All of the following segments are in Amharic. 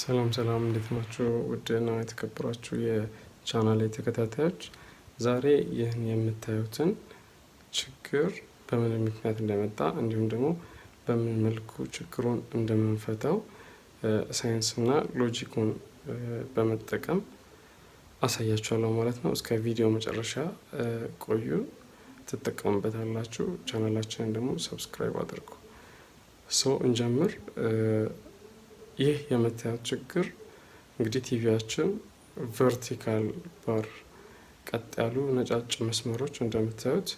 ሰላም ሰላም እንዴት ናችሁ? ውድና የተከበራችሁ የቻናል ተከታታዮች ዛሬ ይህን የምታዩትን ችግር በምን ምክንያት እንደመጣ እንዲሁም ደግሞ በምን መልኩ ችግሩን እንደምንፈታው ሳይንስና ሎጂኩን በመጠቀም አሳያችኋለሁ ማለት ነው። እስከ ቪዲዮ መጨረሻ ቆዩ፣ ትጠቀሙበታላችሁ። ቻናላችንን ደግሞ ሰብስክራይብ አድርጉ። ሰው እንጀምር። ይህ የምታዩት ችግር እንግዲህ ቲቪያችን ቨርቲካል ባር ቀጥ ያሉ ነጫጭ መስመሮች እንደምታዩት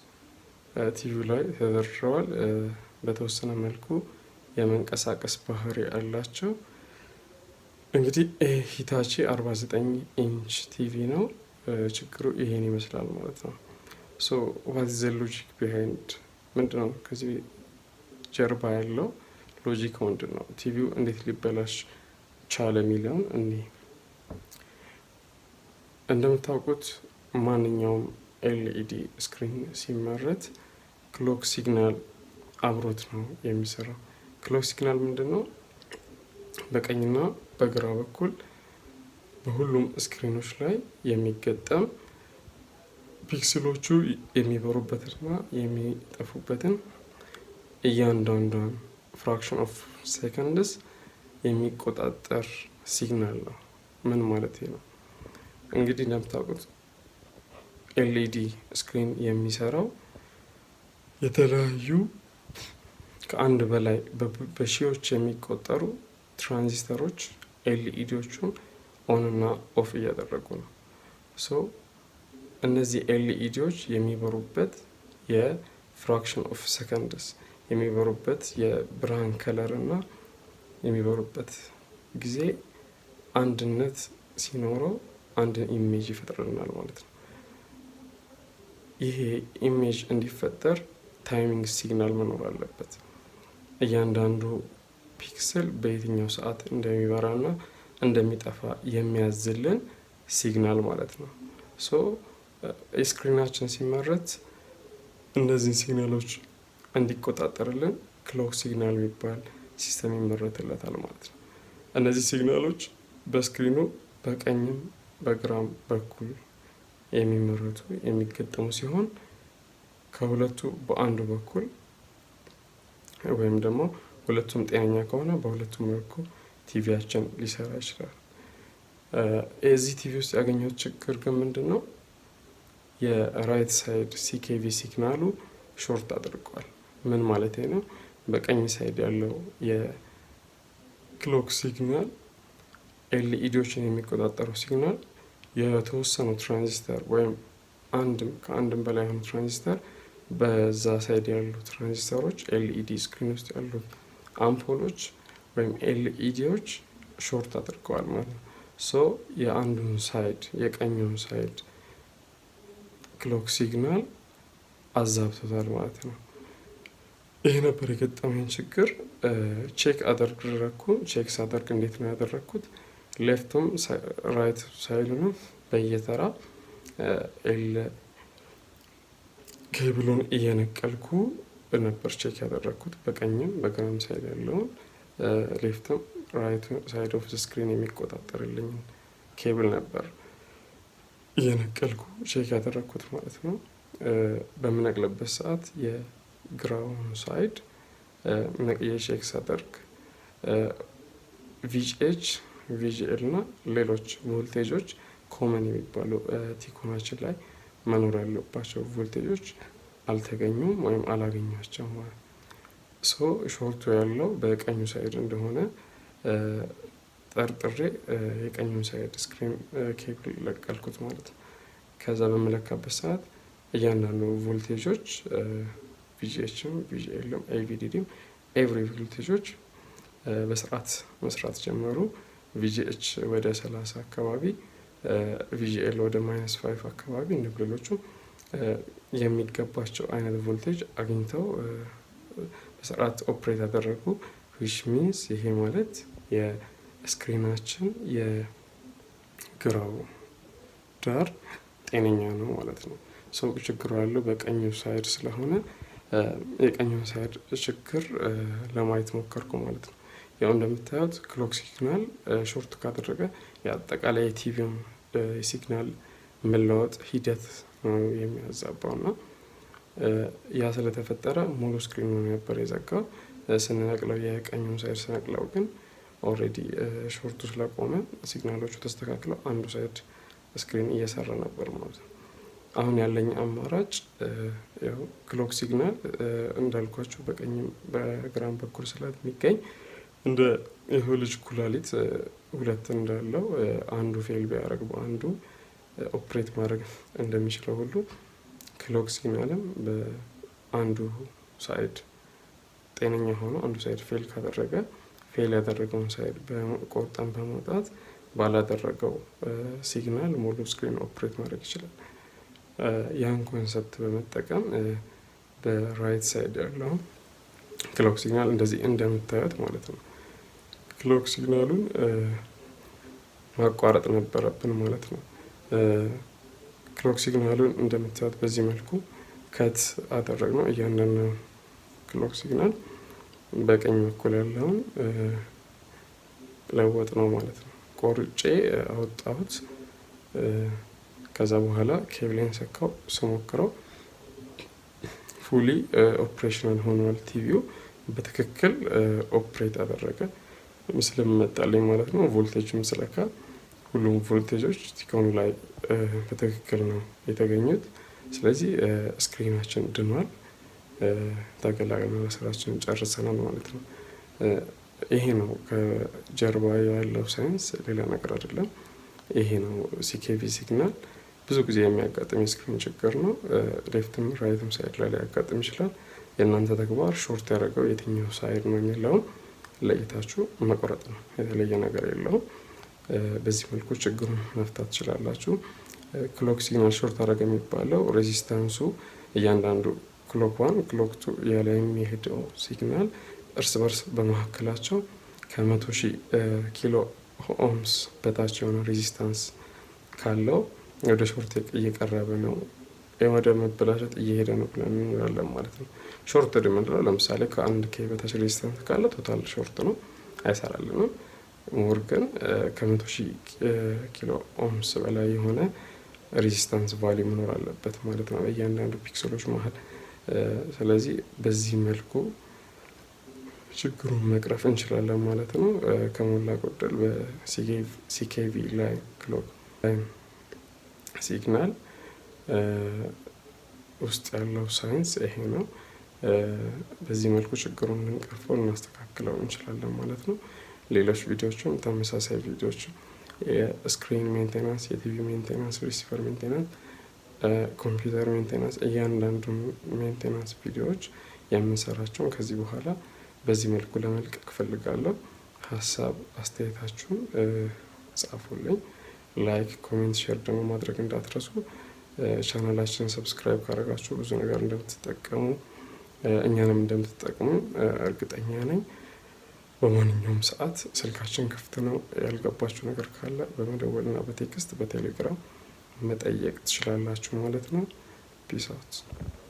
ቲቪው ላይ ተደርድረዋል። በተወሰነ መልኩ የመንቀሳቀስ ባህሪ አላቸው። እንግዲህ ሂታቺ 49 ኢንች ቲቪ ነው። ችግሩ ይሄን ይመስላል ማለት ነው። ሶ ዋት ዘ ሎጂክ ቢሃይንድ ምንድነው ከዚህ ጀርባ ያለው ሎጂክ ምንድን ነው? ቲቪው እንዴት ሊበላሽ ቻለ የሚለውን እኔ እንደምታውቁት ማንኛውም ኤልኢዲ ስክሪን ሲመረት ክሎክ ሲግናል አብሮት ነው የሚሰራው። ክሎክ ሲግናል ምንድን ነው? በቀኝና በግራ በኩል በሁሉም ስክሪኖች ላይ የሚገጠም ፒክስሎቹ የሚበሩበትንና የሚጠፉበትን እያንዳንዷን ፍራክሽን ኦፍ ሴከንድስ የሚቆጣጠር ሲግናል ነው። ምን ማለት ነው? እንግዲህ እንደምታውቁት ኤልኢዲ ስክሪን e የሚሰራው የተለያዩ ከአንድ በላይ በሺዎች የሚቆጠሩ ትራንዚስተሮች ኤልኢዲዎቹን ኦን እና ኦፍ እያደረጉ ነው። ሶ እነዚህ ኤልኢዲዎች e የሚበሩበት የፍራክሽን ኦፍ ሰከንድስ የሚበሩበት የብርሃን ከለር እና የሚበሩበት ጊዜ አንድነት ሲኖረው አንድን ኢሜጅ ይፈጥርልናል ማለት ነው። ይሄ ኢሜጅ እንዲፈጠር ታይሚንግ ሲግናል መኖር አለበት። እያንዳንዱ ፒክስል በየትኛው ሰዓት እንደሚበራና እንደሚጠፋ የሚያዝልን ሲግናል ማለት ነው። ሶ ስክሪናችን ሲመረት እነዚህን ሲግናሎች እንዲቆጣጠርልን ክሎክ ሲግናል የሚባል ሲስተም ይመረትለታል ማለት ነው። እነዚህ ሲግናሎች በስክሪኑ በቀኝም በግራም በኩል የሚመረቱ የሚገጠሙ ሲሆን ከሁለቱ በአንዱ በኩል ወይም ደግሞ ሁለቱም ጤነኛ ከሆነ በሁለቱም መልኩ ቲቪያችን ሊሰራ ይችላል። የዚህ ቲቪ ውስጥ ያገኘሁት ችግር ግን ምንድን ነው? የራይት ሳይድ ሲኬቪ ሲግናሉ ሾርት አድርገዋል። ምን ማለት ነው? በቀኝ ሳይድ ያለው የክሎክ ሲግናል ኤልኢዲዎችን የሚቆጣጠሩ ሲግናል የተወሰኑ ትራንዚስተር ወይም አንድም ከአንድም በላይ የሆኑ ትራንዚስተር በዛ ሳይድ ያሉ ትራንዚስተሮች ኤልኢዲ ስክሪን ውስጥ ያሉት አምፖሎች ወይም ኤልኢዲዎች ሾርት አድርገዋል ማለት ነው። ሶ የአንዱን ሳይድ የቀኙን ሳይድ ክሎክ ሲግናል አዛብቶታል ማለት ነው። ይህ ነበር የገጠመኝ ችግር። ቼክ አደረግኩ። ቼክ ሳደርግ እንዴት ነው ያደረግኩት? ሌፍትም ራይት ሳይሉንም በየተራ ኤል ኬብሉን እየነቀልኩ ነበር ቼክ ያደረግኩት። በቀኝም በግራም ሳይድ ያለውን ሌፍትም ራይት ሳይድ ኦፍ ስክሪን የሚቆጣጠርልኝ ኬብል ነበር እየነቀልኩ ቼክ ያደረግኩት ማለት ነው። በምነቅልበት ሰዓት ግራውን ሳይድ መቅየሽ ሳደርግ ቪጂኤች፣ ቪጂኤል እና ሌሎች ቮልቴጆች ኮመን የሚባሉ ቲኮናችን ላይ መኖር ያለባቸው ቮልቴጆች አልተገኙም ወይም አላገኟቸው ሶ ሾርቱ ያለው በቀኙ ሳይድ እንደሆነ ጠርጥሬ የቀኙን ሳይድ ስክሪን ኬብል ለቀልኩት ማለት ነው። ከዛ በምለካበት ሰዓት እያንዳንዱ ቮልቴጆች ቪጂኤችም ቪጂኤልም ኤቪዲዲም ኤቭሪ ቪልቴጆች በስርዓት መስራት ጀመሩ። ቪጂኤች ወደ 30 አካባቢ ቪጂኤል ወደ ማይነስ ፋይቭ አካባቢ እንዲሁም ሌሎቹ የሚገባቸው አይነት ቮልቴጅ አግኝተው በስርዓት ኦፕሬት ያደረጉ ዊች ሚንስ ይሄ ማለት የስክሪናችን የግራው ዳር ጤነኛ ነው ማለት ነው። ሰው ችግሩ ያለው በቀኝ ሳይድ ስለሆነ የቀኝ ሳይድ ችግር ለማየት ሞከርኩ ማለት ነው። ያው እንደምታዩት ክሎክ ሲግናል ሾርቱ ካደረገ የአጠቃላይ የቲቪም ሲግናል መለወጥ ሂደት ነው የሚያዛባው እና ያ ስለተፈጠረ ሙሉ ስክሪኑ ነበር የዘጋው። ስንነቅለው የቀኙን ሳይድ ስነቅለው ግን ኦልሬዲ ሾርቱ ስለቆመ ሲግናሎቹ ተስተካክለው አንዱ ሳይድ ስክሪን እየሰራ ነበር ማለት ነው። አሁን ያለኝ አማራጭ ያው ክሎክ ሲግናል እንዳልኳቸው በቀኝም በግራም በኩል ስለሚገኝ እንደ ይኸው ልጅ ኩላሊት ሁለት እንዳለው አንዱ ፌል ቢያደርግ በአንዱ ኦፕሬት ማድረግ እንደሚችለው ሁሉ ክሎክ ሲግናልም በአንዱ ሳይድ ጤነኛ ሆኖ አንዱ ሳይድ ፌል ካደረገ ፌል ያደረገውን ሳይድ ቆርጠን በማውጣት ባላደረገው ሲግናል ሙሉ ስክሪን ኦፕሬት ማድረግ ይችላል። ያን ኮንሰፕት በመጠቀም በራይት ሳይድ ያለውን ክሎክ ሲግናል እንደዚህ እንደምታዩት ማለት ነው። ክሎክ ሲግናሉን ማቋረጥ ነበረብን ማለት ነው። ክሎክ ሲግናሉን እንደምታዩት በዚህ መልኩ ከት ነው። እያንዳንዱ ክሎክ ሲግናል በቀኝ በኩል ያለውን ለወጥ ነው ማለት ነው። ቆርጬ አወጣሁት። ከዛ በኋላ ኬብሌን ሰካው ስሞክረው ፉሊ ኦፕሬሽናል ሆኗል። ቲቪው በትክክል ኦፕሬት አደረገ። ምስልም መጣልኝ ማለት ነው። ቮልቴጅ ምስለካ ሁሉም ቮልቴጆች ቲኮኑ ላይ በትክክል ነው የተገኙት። ስለዚህ ስክሪናችን ድኗል። ተገላግለን ስራችን ጨርሰናል ማለት ነው። ይሄ ነው ከጀርባ ያለው ሳይንስ፣ ሌላ ነገር አይደለም። ይሄ ነው ሲኬቪ ሲግናል። ብዙ ጊዜ የሚያጋጥም የስክሪን ችግር ነው። ሌፍትም ራይትም ሳይድ ላይ ሊያጋጥም ይችላል። የእናንተ ተግባር ሾርት ያደረገው የትኛው ሳይድ ነው የሚለውን ለይታችሁ መቁረጥ ነው። የተለየ ነገር የለውም። በዚህ መልኩ ችግሩን መፍታት ትችላላችሁ። ክሎክ ሲግናል ሾርት አደረገ የሚባለው ሬዚስታንሱ እያንዳንዱ ክሎክ ዋን ክሎክ ቱ እያለ የሚሄደው ሲግናል እርስ በርስ በመካከላቸው ከመቶ ሺህ ኪሎ ኦምስ በታች የሆነ ሬዚስታንስ ካለው ወደ ሾርት እየቀረበ ነው ወደ መበላሸት እየሄደ ነው ብለን እንላለን ማለት ነው። ሾርት ምንድነው? ለምሳሌ ከአንድ ኬ በታች ሬዚስተንስ ካለ ቶታል ሾርት ነው አይሰራልንም። ሞር ግን ከመቶ ሺህ ኪሎ ኦምስ በላይ የሆነ ሬዚስተንስ ቫሊ መኖር አለበት ማለት ነው እያንዳንዱ ፒክሰሎች መሀል። ስለዚህ በዚህ መልኩ ችግሩን መቅረፍ እንችላለን ማለት ነው። ከሞላ ጎደል በሲኬቪ ላይ ክሎክ ሲግናል ውስጥ ያለው ሳይንስ ይሄ ነው። በዚህ መልኩ ችግሩን ልንቀርፈው እናስተካክለው እንችላለን ማለት ነው። ሌሎች ቪዲዮዎችም ተመሳሳይ ቪዲዮዎች የስክሪን ሜንቴናንስ፣ የቲቪ ሜንቴናንስ፣ ሪሲቨር ሜንቴናንስ፣ ኮምፒውተር ሜንቴናንስ እያንዳንዱ ሜንቴናንስ ቪዲዮዎች የምንሰራቸውን ከዚህ በኋላ በዚህ መልኩ ለመልቀቅ እፈልጋለሁ። ሀሳብ አስተያየታችሁን ጻፉልኝ። ላይክ፣ ኮሜንት፣ ሼር ደግሞ ማድረግ እንዳትረሱ። ቻናላችን ሰብስክራይብ ካደረጋችሁ ብዙ ነገር እንደምትጠቀሙ እኛንም እንደምትጠቅሙ እርግጠኛ ነኝ። በማንኛውም ሰዓት ስልካችን ክፍት ነው። ያልገባችሁ ነገር ካለ በመደወል እና በቴክስት በቴሌግራም መጠየቅ ትችላላችሁ ማለት ነው። ፒስ አውት